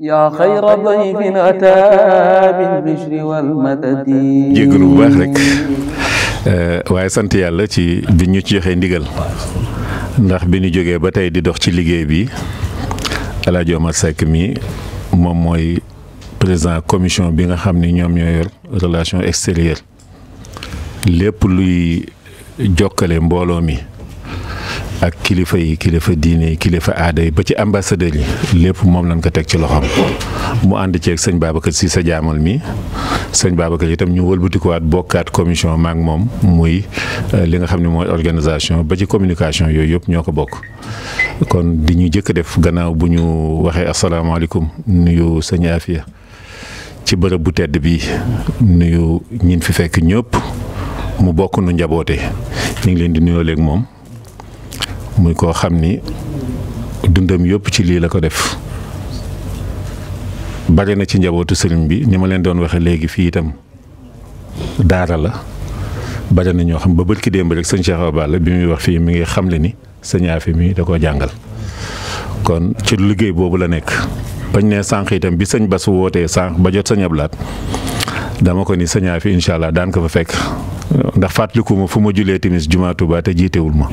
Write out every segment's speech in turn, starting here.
yaa xayra dayfin waaye sant yàlla ci bi ñu ci joxee ndigal ndax bi ñu jógee ba tey di dox ci liggéey bi El Hadj Omar mi moom mooy président commission bi nga xam ni ñoom ñoo yor relation extérieure lépp luy jokkale mbooloo mi. ak kilifa yi kilifa diine yi kilifa aada yi ba ci ambassadeurs yi lépp moom lañ ko teg ci loxoom mu ànd ceeg sëñ Babacar si sa jaamal mi sëñ Babacar itam ñu wëlbatikuwaat bokkaat commission maak moom muy euh, li nga xam ne mooy organisation ba ci communication yooyu yëpp ñoo ko bokk kon di ñu jëkk def gannaaw bu ñu waxee asalaamaaleykum nuyu sëñ Afia ci bërëb bu tedd bi nuyu ñin fi fekk ñëpp mu bokk nu njaboote ñu ngi leen di nuyoo léegi moom muy koo xam ni dundam yëpp ci lii la ko def bari na ci njabootu sëriñ bi ni ma leen doon waxe léegi fii itam daara la bari na ñoo xam ba bërki démb rek sëñ Cheikh Awa Balla bi muy wax fii mi ngi xam xamle ni sëñ Afi mi da koo jàngal kon ci liggéey boobu la nekk bañ ne sànq itam bi sëñ Bass wootee sànq ba jot sëñ Ablaat dama ko ni sëñaafi Afi allah daan ko fa fekk ndax fàttaliku ma fu ma julee timis jumaa Tuubaa te jiitewul ma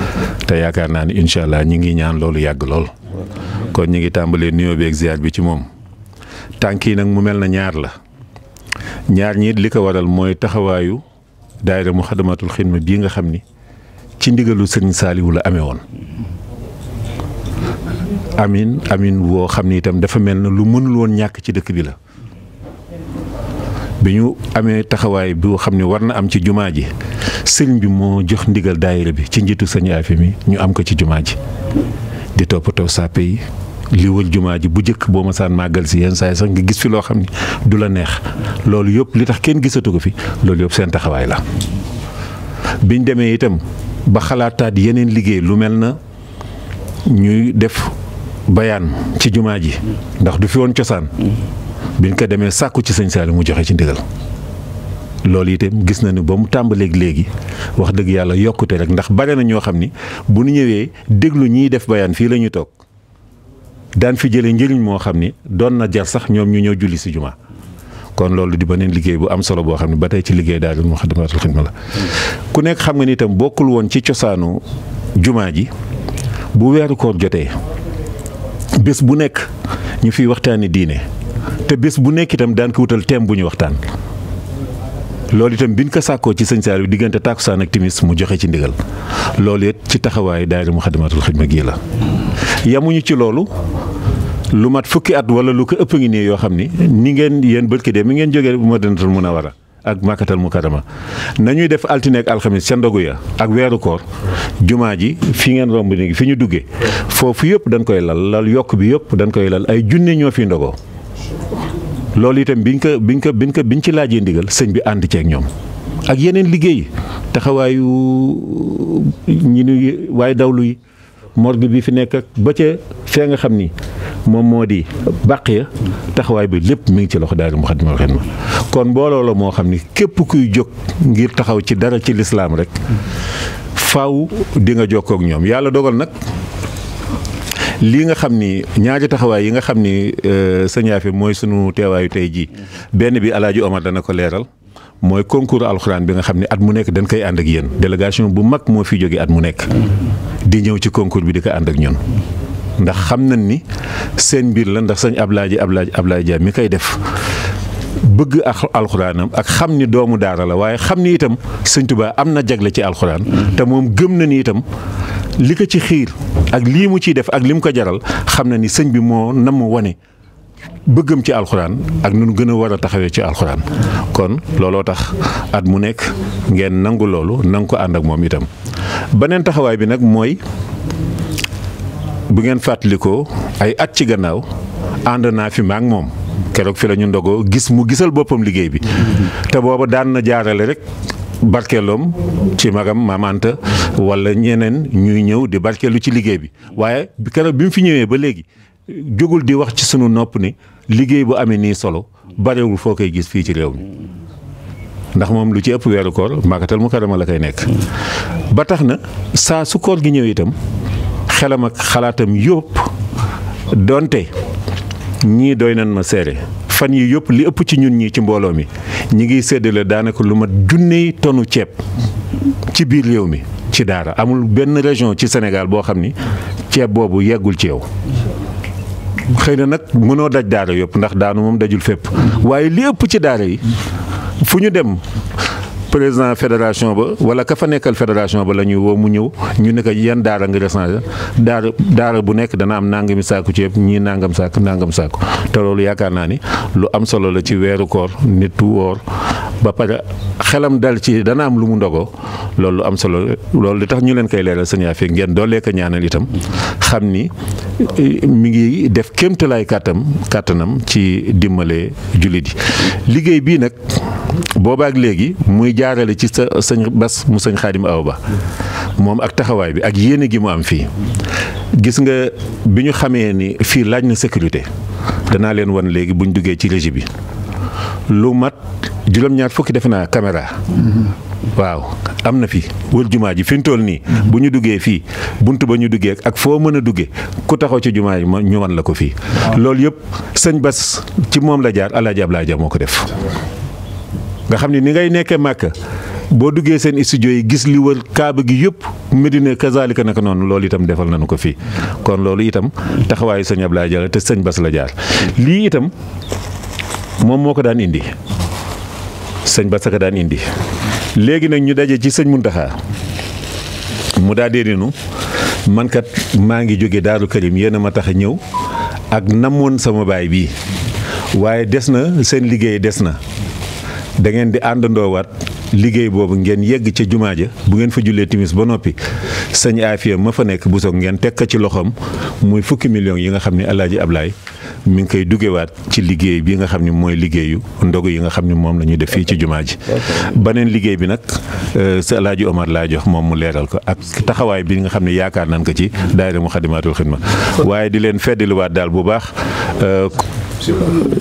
te yaakaar naa ni incha allah ñi ngi ñaan loolu yàgg lool kon ñi ngi tàmbalee nuyoo beeg ziar bi ci moom tànk yi nag mu mel na ñaar la ñaar ñiit li ko waral mooy taxawaayu daayira mu xadamatul xidma bii nga xam ni ci ndigalu sëriñ Saaliwu la amee woon amin amin woo xam ni itam dafa mel na lu mënul woon ñàkk ci dëkk bi la bi ñu amee taxawaay boo xam ne war na am ci jumaa ji sëriñ bi moo jox ndigal daayira bi ci njiitu sëñ Afi mi ñu am ko ci jumaa ji di toppatoo sàppe yi li wër jumaa ji bu njëkk boo ma saan màggal si yenn saay sax nga gis fi loo xam ne du la neex loolu yëpp li tax kenn gisatu ko fi loolu yëpp seen taxawaay la biñ demee itam ba xalaataat yeneen liggéey lu mel na ñuy def bayaan ci jumaa ji ndax du fi woon cosaan biñ ko demee sàkku ci sëñ Saliou mu joxe ci ndigal loolu itam gis na ni ba mu tàmbaleek léegi wax dëgg yàlla yokkute rek ndax bare na ñoo xam ni bu nu ñëwee déglu ñiy def bayaan fii la ñuy toog daan fi jëlee njëriñ moo xam ni doon na jar sax ñoom ñu ñëw julli si jumaa kon loolu di beneen liggéey bu am solo boo xam ne ba tey ci liggéey daal Moukhaddamatoul ma la ku nekk xam nga ni itam bokkul woon ci cosaanu jumaa ji bu weeru koor jotee bés bu nekk ñu fiy waxtaani diine te bés bu nekk itam daan ko wutal thème bu ñu waxtaan loolu itam biñ ko sàkkoo ci sëñ Saaliw diggante tàkkusaan ak timis mu joxe ci ndigal loolu it ci taxawaay taxawaayu daayira Muxaddamatul Xidma gii la yamuñu ci loolu lu mat fukki at wala lu ko ëpp ngi nii yoo xam ni ni ngeen yéen bërki de mi ngeen jógee a Munawara ak Makkatal Mukarrama nañuy def altine ak alxamis ca ndogu ya ak weeru koor jumaa ji fi ngeen romb léegi fi ñu duggee foofu yëpp dañ koy lal lal yokk bi yëpp dañ koy lal ay junne ñoo fi ndogoo loolu itam biñ ko biñ ko biñ ko biñ ci laaj laajee ndigal sëñ bi ànd ceeg ñoom ak yeneen liggéey taxawaayu ñi nuy waaye dawlu yi morgue bi fi nekk ak ba ca fee nga xam ni moom moo di bàq ya taxawaay bi lépp mi ngi ci loxo daal Moukhaddamatoul Khidma kon mbooloo la moo xam ni képp kuy jóg ngir taxaw ci dara ci lislaam rek faaw di nga jokkoo ak ñoom yàlla dogal nag lii nga xam ni ñaari taxawaay yi nga xam ni euh, sëñ Yaafi mooy sunu teewaayu tey jii benn bi El Omar dana ko leeral. mooy concours alxuraan bi nga xam ne at mu nekk dañ koy ànd ak yéen délégation bu mag moo fi jóge at mu nekk di ñëw ci concours bi di ko ànd ak ñun ndax xam na ni seen mbir la ndax sëñ Ablaye Ablaye Ablaye Dia mi koy def bëgg ak alxuraanam ak xam ni doomu daara la waaye xam ni itam sëñ Tuubaa am na jagle ci alxuraan te moom gëm na ni itam li ko ci xiir ak lii mu ciy def ak li mu ko jaral xam na ni sëñ bi moo nam mu wane bëggam ci alxuraan ak nun gën a war a taxawee ci alxuraan kon looloo tax at mu nekk ngeen nangu loolu nang ko ànd ak moom itam beneen taxawaay bi nag mooy bu ngeen fàttalikoo ay at ci gannaaw ànd naa fi maak moom keroog fi la ñu ndogoo gis mu gisal boppam liggéey bi te booba daan na jaarale rekk barkeeloom ci magam maam Anta wala ñeneen ñuy ñëw di barkeelu ci liggéey bi waaye keroog bi mu fi ñëwee ba léegi jógul di wax ci sunu nopp ni liggéey bu amee nii solo barewul foo koy gis fii ci réew mi ndax moom lu ci ëpp weeru koor màkkatal mu karama la koy nekk ba tax na saa su koor gi ñëw itam xelam ak xalaatam yópp donte ñii doy nañ ma seere fan yi yëpp li ëpp ci ñun ñi ci mbooloo mi ñi ngi séddale daanaka lu mat junney tonu ceeb ci biir réew mi ci daara amul benn région ci senegal boo xam ni ceeb boobu yeggul ci yow xëy na nag mënoo daj daara yëpp ndax daanu moom dajul fépp waaye li ëpp ci daara yi fu ñu dem président fédération ba wala ka fa nekkal fédération ba la ñuy woo mu ñëw ñu ne ko yan daara nga recensé daara daara bu nekk dana am nangami saaku ceeb ñii nangam saak nangam saako te loolu yaakaar naa ni lu am solo la ci weeru koor nit tu woor ba pare xelam dal ci dana am lu mu ndogoo loolu lu am solo loolu li tax ñu leen koy leeral sëñ Afia ngeen doolee ko ñaanal itam xam ni mi ngi def kéemtalaay kàttam kàttanam ci dimbale jullit yi liggéey bii nag boobaak léegi muy jaarale ci sa sëñ Bas mu sëñ Xaadim Awa Ba moom ak taxawaay bi ak yéene gi mu am fii gis nga bi ñu xamee ni fii laaj na sécurité danaa leen wan léegi buñ duggee ci régie bi lu mat juróom-ñaar fukki defe naa caméra waaw am na fi wër jumaa ji fi toll nii bu ñu duggee fii bunt ba ñu duggee ak foo mën a duggee ku taxaw ci jumaa ji ñu wan la ko fii loolu yëpp sëñ Bas ci moom la jaar Alaaji Ablaay Ja moo ko def nga xam ne ni ngay nekkee màkk boo duggee seen studio yi gis li wër kaaba gi yëpp Medina kazalika naka noonu loolu itam defal nañu ko fii kon loolu itam taxawaayu sëñ Ablaay Ja la te sëñ Bas la jaar lii itam moom moo ko daan indi sëñ ba saka daan indi léegi nag ñu daje ci sëñ Muntaxa mu daa dee ninu man maa ngi jóge Daaru Karim yéen ma tax a ñëw ak namoon sama baay bii waaye des na seen liggéey des na dangeen ngeen di àndandoowaat liggéey boobu ngeen yegg ca jumaa ja bu ngeen fa jullee timis ba noppi sëñ Afia ma fa nekk bu soog ngeen teg ko ci loxoom muy fukki millions yi nga xam ne Alaaji Ablaay mi ngi koy dugewaat ci liggéey bii nga xam ni mooy liggéeyu ndogu yi nga xam ne moom la ñu def fii ci jumaa ji baneen liggéey bi nag euh, sa Alaaji Omar laa jox moom mu leeral ko ak taxawaay bi nga xam ne yaakaar nañ ko ci daayira mu xadimaatul xidma waaye di leen feddaliwaat daal bu baax euh,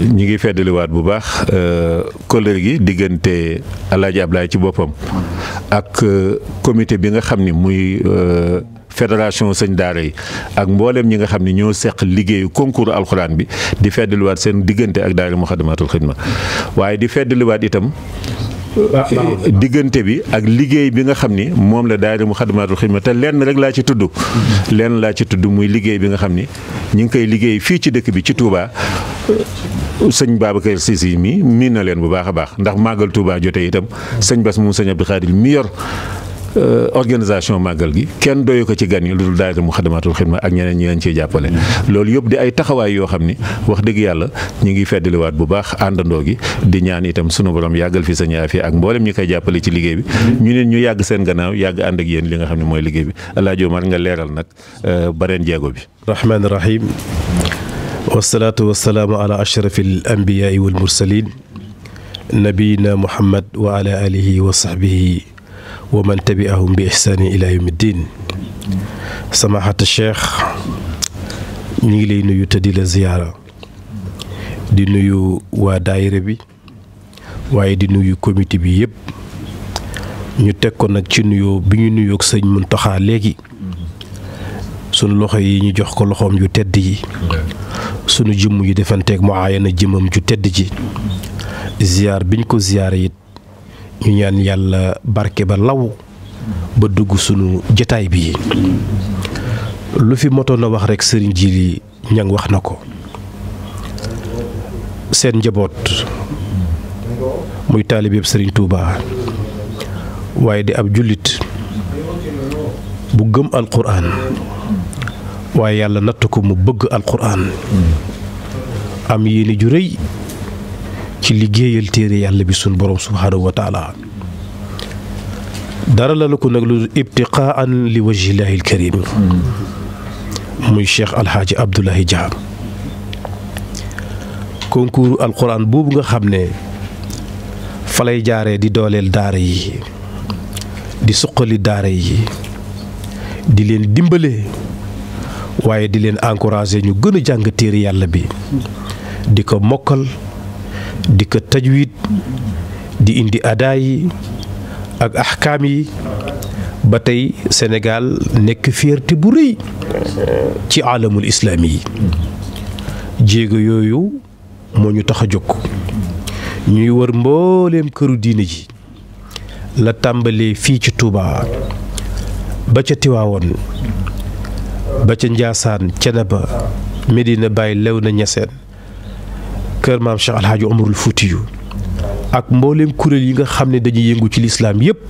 ñu ngi feddaliwaat bu baax euh, kóllëre gi diggante Alaaji Ablaay ci boppam ak comité bi nga xam ni muy fédération sëñ daara yi ak mbooleem ñi nga xam ni ñoo seq liggéeyu concours alxuraan bi di feddaliwaat seen diggante ak daara muxadamatul xidma waaye di feddaliwaat itam ah, diggante bi ak liggéey bi nga xam ni moom la daayira Muxaddamatul Xidma te lenn rek laa ci tudd lenn laa ci tudd muy liggéey bi nga xam ni ñu ngi koy liggéey fii ci dëkk bi ci Touba sëñ Babacar Cissé mi miin na leen bu baax a baax ndax màggal Touba jotee itam sëñ Bas mu sëñ Abdou Khadir mi yor Euh, organisation màggal gi kenn doyu ko ci gan yi lu dul daayira mu xadamaatul xidma ak ñeneen ñi leen ciy jàppale loolu yëpp di ay taxawaay yoo xam ni wax dëgg yàlla ñu ngi feddaliwaat bu baax àndandoo gi di ñaan itam sunu borom yàggal fi sañ aafiya ak mboolem ñu koy jàppale ci liggéey bi ñu neen ñu yàgg seen gannaaw yàgg ànd ak yéen li nga xam ne mooy liggéey bi alaaji Omar nga leeral nag euh, bareen jeego bi rahmaani rahim wasalaatu wasalaamu ala ashrafil anbiyaai wal mursalin nabiyina muhammad wa ala alihi wa wa man tabi'ahum bi ihsaanin ilaa yawmi diin samaahata cheikh ñu ngi lay nuyu te di la ziyaara di nuyu waa daayira bi waaye di nuyu comité bi yëpp ñu teg ko nag ci nuyoo bi ñu nuyoog sëñ Muntaxa léegi sunu loxo yi ñu jox ko loxoom yu tedd yi sunu jëmm yu defanteeg mu aayana jëmmam ju tedd ji ziyaar biñ ko ziyaara it ñu ñaan yàlla barke ba law ba dugg sunu jataay bii lu fi motoon a wax rek sëriñ Jili ñang wax na ko seen njaboot muy taalibeeb sëriñ tuuba waaye di ab jullit bu gëm alquran waaye yàlla natt ko mu bëgg alquran am yéene ju rëy ci liggéeyal téere yàlla bi sun borom subhaanahu wa dara la ko nag lu ibtiqaan li wajhillaahi alkarim muy cheikh alxaaji abdoulahi Dia concours alxuraan boobu nga xam ne falay jaaree di dooleel daara yi di suqali daara yi di leen dimbale waaye di leen encourager ñu gën a jàng téere yàlla bi di ko mokkal di ko tajwid di indi adaa ak axkaam yi ba tey Sénégal nekk fierté bu rëy ci alamul islaami yi jéego yooyu moo ñu tax a jóg ñuy wër mbooleem këru diine ji la tàmbalee fii ci tuubaa ba ca Tiwaawoon ba ca Njaasaan Ceneba Medina Baye lew na ñaseen kër maam Cheikh Al Hadj Omarul Foutiyu ak mbooleem kuréel yi nga xam ne dañuy yëngu ci lislaam yépp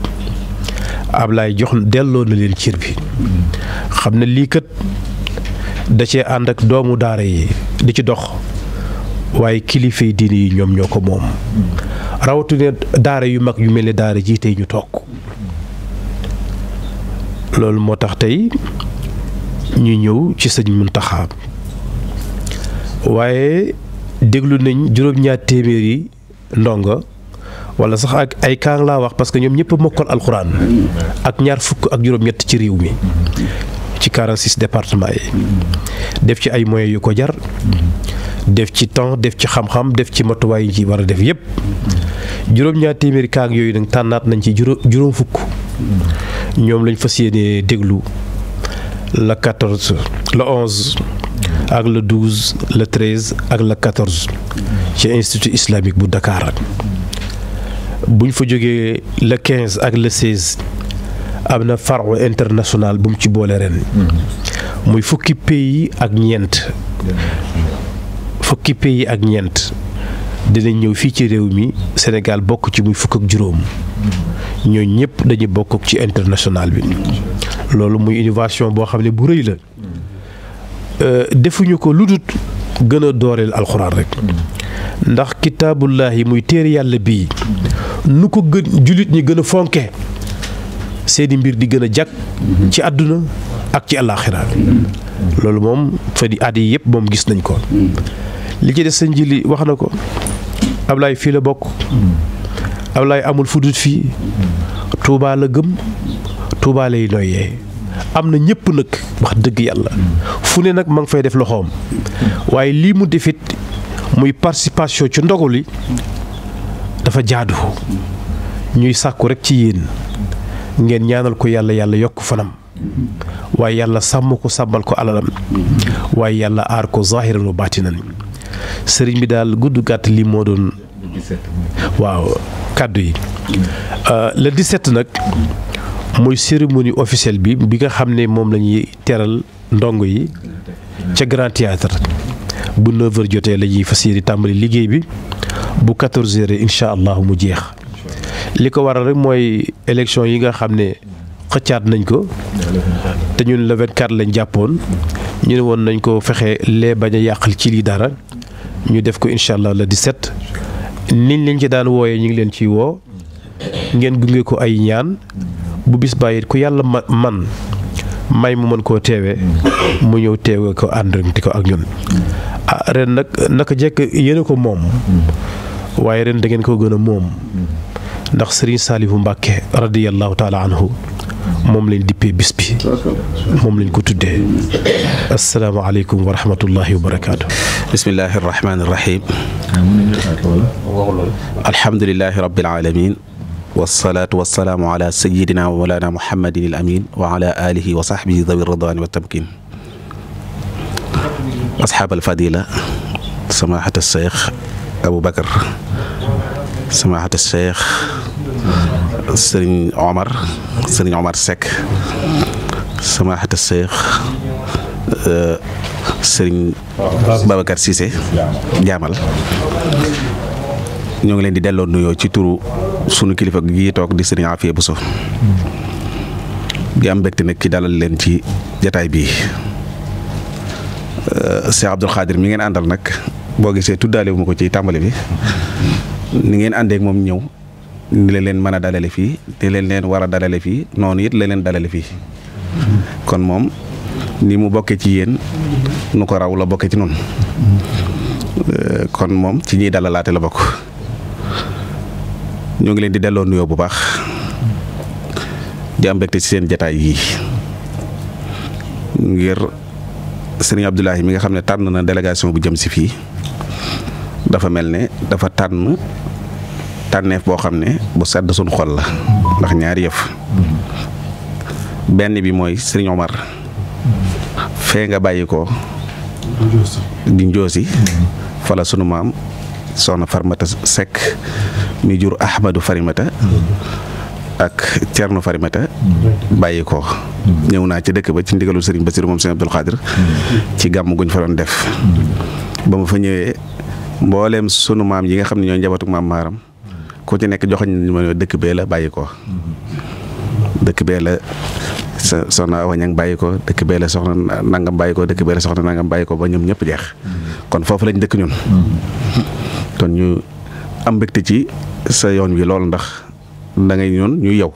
Ablaye jox delloo na leen cër bi xam ne lii kat da cee ànd ak doomu daara yi di ci dox waaye kilifa yi diine yi ñoom ñoo ko moom rawatina daara yu mag yu mel ne daara ji tey ñu toog loolu moo tax tey ñu ñëw ci sëñ Muntaxa waaye déglu nañ juróom-ñaar téeméer yi ndongo walla sax ak ay kaang laa wax parce que ñoom ñëpp mokkal alxuraan ak ñaar fukk ak juróom-ñett ci réew mi ci 46 département yi def ci ay moyens yu ko jar def ci temps def ci xam-xam def ci matuwaay yi ci war a def yëpp juróom-ñaar téeméeri kaang yooyu nag tànnaat nañ ci juróom fukk ñoom lañ fas yéenee déglu la 14 la 11. ak le 12 le 13 ak le 14 ci institut islamique bu Dakar bu ñu fa jógee le 15 ak le 16 am na faru international bu mu ci boole ren muy fukki pays ak ñeent fukki pays ak ñeent dinañ ñëw fii ci réew mi Sénégal bokk ci muy fukk ak juróom ñoo ñëpp dañu bokk ci international bi loolu muy innovation boo xam ne bu rëy la Euh, defuñu ko lu dut gën a dooreel alxuraan rek ndax yi muy téere yàlla bii nu ko gën jullit ñi gën a fonke seeni mbir di gën a jag ci àdduna ak ci àllaaxira loolu moom fa di at yi yëpp moom gis nañ ko li ci des sa njili wax na ko Ablaay fii la bokk Ablaay amul fudut fii Tuubaa la gëm Tuubaa lay noyyee am na ñëpp nag wax dëgg yàlla fu ne nag ma ngi fay def loxoom waaye lii mu defit muy participation ci ndogu li dafa jaadu ñuy sàkku rek ci yéen ngeen ñaanal ko yàlla yàlla yokk fanam waaye yàlla sàmm ko sàmmal ko alalam waaye yàlla aar ko zahiran wa baatinan sëriñ bi daal gudd gàtt li moo doon waaw kàddu yi euh, le 17 nag mooy cérémonie officielle bi bi nga xam ne moom la ñuy teral ndongo yi ca grand théâtre bu 9 jotee la ñuy fas yéene tàmbali liggéey bi bu 14h incha allah mu jeex li ko waral rek mooy élection yi nga xam ne xëccaat nañ ko te ñun le 24 lañ jàppoon ñu ne woon nañ ko fexe lee bañ a yàqal ci lii dara ñu def ko incha allah le set nit lañ ci daan wooyee ñu ngi leen ciy woo ngeen gunge ko ay ñaan. bu bis bàyyi yàlla ma man may mu mën koo teewee mu ñëw teewee ko àndanti ko ak ñun ah ren nag naka jekk yéene ko moom waaye ren da ngeen ko gën a moom ndax Serigne Saliou Mbacke radiyallahu taala anhu moom lañ dippee bis bi moom lañ ko tuddee asalaamaaleykum wa rahmatullahi wa barakaatu. bismillahi rahmaani rahim. alhamdulilahi rabbil alamin wasalaatu wasalaamu ala sayidina wa mawlana muhammadin il amin wa ala alihi wa sahbihi dawi ridwani wa tamkin asxaab alfadila samahat alcheikh abou samahat alcheikh sëriñ omar sëriñ omar sekk samahat alcheikh eh, sëriñ babacar sise jaamal ñoo ngi leen di delloo nuyoo ci sunu kilifa gi toog di sëriñ Afia Bousso di am mbégte nag ki dalal leen ci jataay bii euh, Cheikh Abdoul Khadir mi ngeen àndal nag boo gisee tuddaale wu ko ci tàmbali bi ni ngeen àndeek moom ñëw ni la leen mën a dalale fii ni leen leen war a dalale fii noonu it la leen dalale fii kon moom ni mu bokkee ci yéen nu ko raw la bokkee ci noonu euh, kon moom ci ñiy dalalaate la bokk. ñoo ngi leen di delloo nuyoo bu baax di am mbégte ci seen jataay yii ngir sëriñ Abdoulahi mi nga xam ne tànn na délégation bu jëm si fii dafa mel ne dafa tànn tànneef boo xam ne bu sedd suñ xol la ndax ñaar yëf benn bi mooy sëriñ Omar fee nga bàyyi ko di njoosi fala sunu maam soxna Farmata Seck mi jur Ahmadou Farimata ak Thierno Farimata bàyyi ko ñëw naa ci dëkk ba ci ndigalu sëriñ Bassirou moom Serigne Abdoul Khadir ci gàmm guñ fa doon def ba mu fa ñëwee mbooleem sunu maam yi nga xam ne ñoo njabootu maam maaram ku ci nekk joxoñ nañ ma ne dëkk bee la bàyyi ko dëkk bee la sa soxna wañang bàyyi ko dëkk la soxna nangam bàyyi ko soxna nangam bàyyi ko ba ñoom ñëpp jeex kon foofu lañ dëkk ñun mm-hmm. kon ñu am mbégte ci sa yoon wi loolu ndax dangay ngay ñoon ñu yow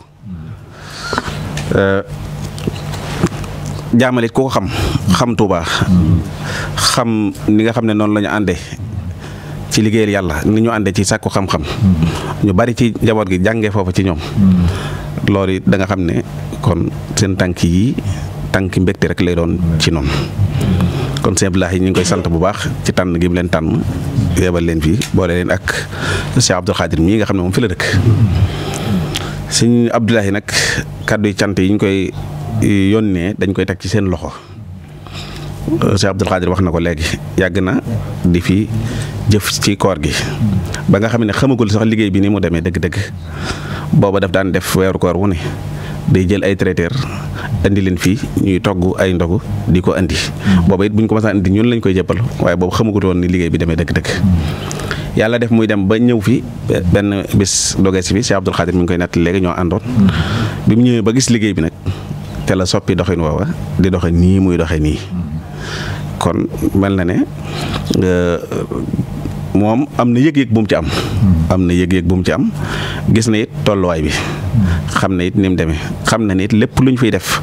jaamalit ku ko xam xam Touba xam ni nga xam ne noonu lañu ñu àndee ci liggéeyal yàlla ni ñu àndee ci sàkku xam-xam ñu bari ci njaboot gi jàngee foofu ci ñoom loolu it danga xam ne kon seen tànk yi tànk mbégte rek lay doon ci noon kon sëñ yi ñu ngi koy sant bu baax ci tànn gim mu leen tànn yebal leen fii boole leen ak Cheikh Abdoul Khadir mii nga xam ne moom fi la dëkk sëñ Abdoulahi nag kàddu yi cant yi ñu koy yónnee dañ koy teg ci seen loxo Cheikh Abdoul Khadir wax na ko léegi yàgg na di fi jëf ci koor gi ba nga xam ne xamagul sax liggéey bi ni mu demee dëgg-dëgg booba def daan def weeru koor wu ne day jël ay traiteur indi leen fii ñuy togg ay ndogu di ko indi booba it bu ñu ko masaan indi ñun lañ koy jëppal waaye boobu xamagut woon ni liggéey bi demee dëkk-dëkk yàlla def muy dem ba ñëw fi benn bis dogee si fi Cheikh Abdoul Khadir mi ngi koy nettali léegi ñoo àndoon bi mu ñëwee ba gis liggéey bi nag te la soppi doxin woowa di doxe nii muy doxe nii kon mel na ne moom am na yëg-yëg bu ci am am na yëg-yëg bu mu ci am gis na it tolluwaay bi xam na it ni mu demee xam na ne it lépp lu ñu fiy def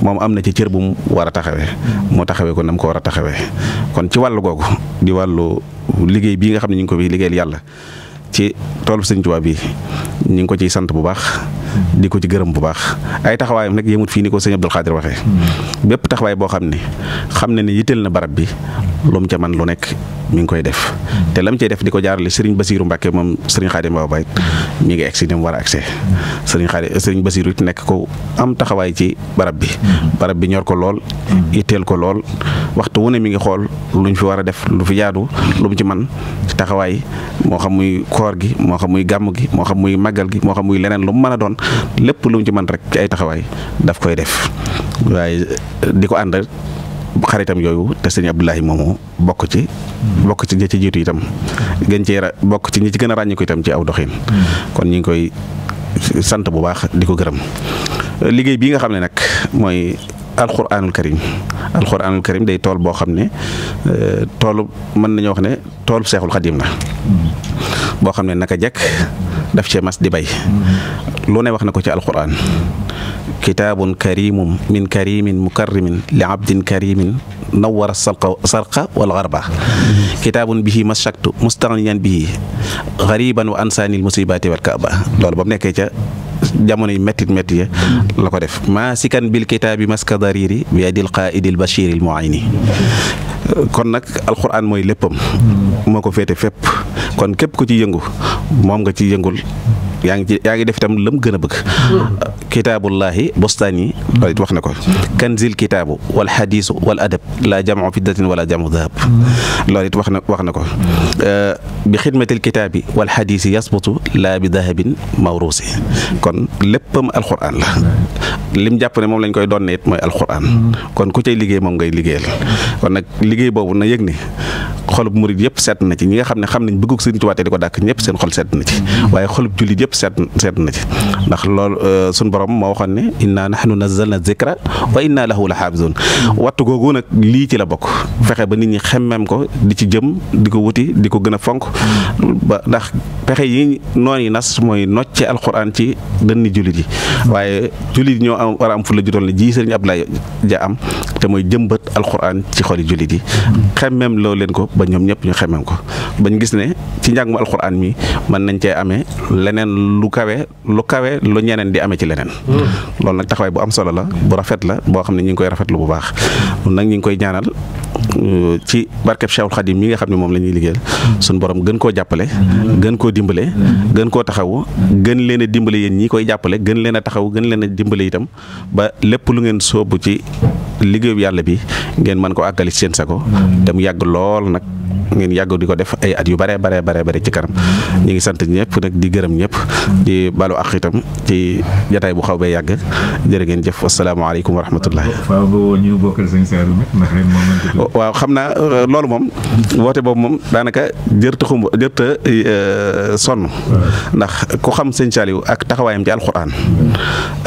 moom am na ci cër bu mu war a taxawee moo taxawee kon nam ko war a taxawee kon ci wàllu googu di wàllu liggéey bii nga xam ne ñu ngi ko fi yàlla ci toolu Sëriñ Tuubaa bi ñu ngi ko ciy sant bu baax di ko ci gërëm bu baax ay taxawaayam nag yemut fii ni ko sëñ Abdul Xaadir waxee hmm. bépp taxawaay boo xam ne xam na ne yitteel na barab bi lu mu man lu nekk mi ngi koy def te lam cey def di ko jaarale Serigne Basirou Mbacke moom Serigne Khadim Baba it mi ngi egsi ni mu war a agsee Serigne Khadim Serigne Basirou it nekk ko am taxawaay ci barab bi barab bi ñor ko lool itteel ko lool waxtu wu ne mi ngi xool luñ fi war a def lu fi yaadu lu ci man taxawaay moo xam muy koor gi moo xam muy gàmm gi moo xam muy màggal gi moo xam muy leneen lu mu mën a doon lépp lu ci man rek ci ay taxawaay daf koy def waaye di ko ànd xaritam yooyu te sëñ Abdoulahi moomu bokk ci. bokk ci ñi ci jiitu itam. gën cee bokk ci ñi ci gën a ràññiku itam ci aw doxin. kon ñu ngi koy sant bu baax di ko gërëm liggéey bii nga xam ne nag mooy. alquranul karim alquranul karim day tool boo xam ne eh, toolu mën nañoo wax ne toolu seexul xadim na boo xam ne naka jekk daf cee mas di bay lu ne wax na ko ci alquran kitaabun karimum min karimin mukarrimin li abdin karimin nawara sarqa wal garba kitaabun bihi masaktu mustagniyan bihi gariban wa ansaanil musibati wal kaaba loolu ba mu nekkee ca jamono yi mettit metti la ko def ma maasikan bil kitaabi maska dariri bi yadil qaidil bashiril muayini kon nag alquran mooy léppam moo ko féete fépp kon képp ku ci yëngu moom nga ci yëngul yaa ngi yaa ngi def itam lëm gën a bëgg kitaabullahi bostaani it wax na ko kanzil kitaabu wal xadiisu wal adab la jamu fiddatin wala jamu dahab loolu it wax na wax na ko bi xidmatil kitaabi wal xadiisi yasbutu laa bi dahabin mawruusi kon léppam alquran la lim jàpp ne moom lañ koy doon it mooy alquran kon ku cay liggéey moom ngay liggéeyal kon nag liggéey boobu na yëg ne xolub murid yëpp sedd na ci ñi nga xam ne xam nañ bëggug Sëriñ Tuubaa te di ko dàkk ñëpp seen xol sedd na ci waaye xolub jullit yëpp sedd sedd na ci ndax loolu euh, suñ borom moo waxoon ne inna nahnu nazzalna zikra wa inna lahu la xaafizun wattu googu nag lii ci la bokk fexe ba nit ñi xemmem ko di ci jëm di ko wuti di ko gën a fonk ba ndax pexe yi noon yi nas mooy nocce alxuraan ci dënni jullit yi waaye jullit ñoo am war a am fu la jutool ne ji sëriñ Abdoulaye ja am te mooy jëmbat alxuraan ci xoli jullit yi xemmem loo leen ko ñoom ñëpp ñu xemem ko bañ gis ne ci njàngum alxuraan mi man nañ cee amee leneen lu kawe lu kawe lu ñeneen di amee ci leneen. Hmm. loolu nag taxawaay bu am solo la bu rafet la boo xam ne ñu ngi koy rafetlu bu baax nag ñu ngi koy ñaanal. Euh, ci barkeb Cheikhul mi nga xam ne moom la ñuy liggéeyal hmm. suñu borom gën koo jàppale hmm. gën koo dimbale gën koo taxawu gën leen a dimbale yéen ñi koy jàppale gën leen a taxawu gën leen a dimbale itam ba lépp lu ngeen soobu ci liggéeyu yàlla bi ngeen mën ko àggali ci sa ko dem yàgg lool nag ngeen yàgg di ko def ay at yu bare bare bare bare ci kanam ñu ngi sant ñëpp nag di gërëm ñëpp di balu ak itam ci jataay bu xaw bee yàgg jër ngeen jëf asalaamaaleykum wa rahmatullahi waaw xam naa euh, loolu moom woote boobu moom daanaka jërta xumb jërta euh, sonn ndax ku xam sëñ Saliou ak taxawaayam ci alxuraan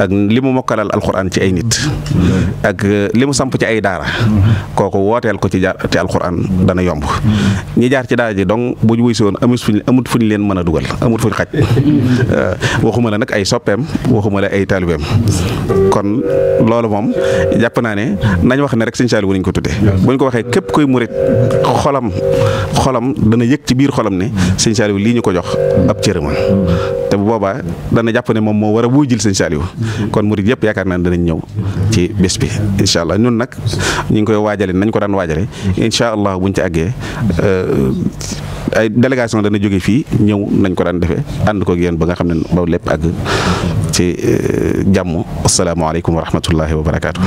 ak li mu mokkalal alxuraan ci ay nit ak euh, li mu samp ci ay daara mm-hmm. kooku wooteel ko ci jaar ci alxuraan dana yomb mm-hmm. ñi jaar ci daal ji donc boo ñu wuy woon amut fuñ amut fuñ leen mën a dugal amut fuñ xaj waxuma la nag ay soppeem waxuma la ay taalibeem kon loolu moom jàpp naa ne nañ wax ne rek sëñ wu nañ ko tuddee buñ ko waxee képp koy murit xolam xolam dana yëg ci biir xolam ne sëñ Saliou lii ñu ko jox ab ma te bu boobaa dana jàpp ne moom moo war a wuy jël sëñ Saliou kon murid yëpp yaakaar naa danañ ñëw ci bés bi incha allah ñun nag ñu ngi koy waajale nañ ko daan waajale incha allah buñ ci àggee euh, ay délégation dana jóge fii ñëw nañ ko daan defee ànd ko génn ba nga xam ne ba lépp àgg ci euh, jàmm asalaamaaleykum wa rahmatullahi wa barakaatu.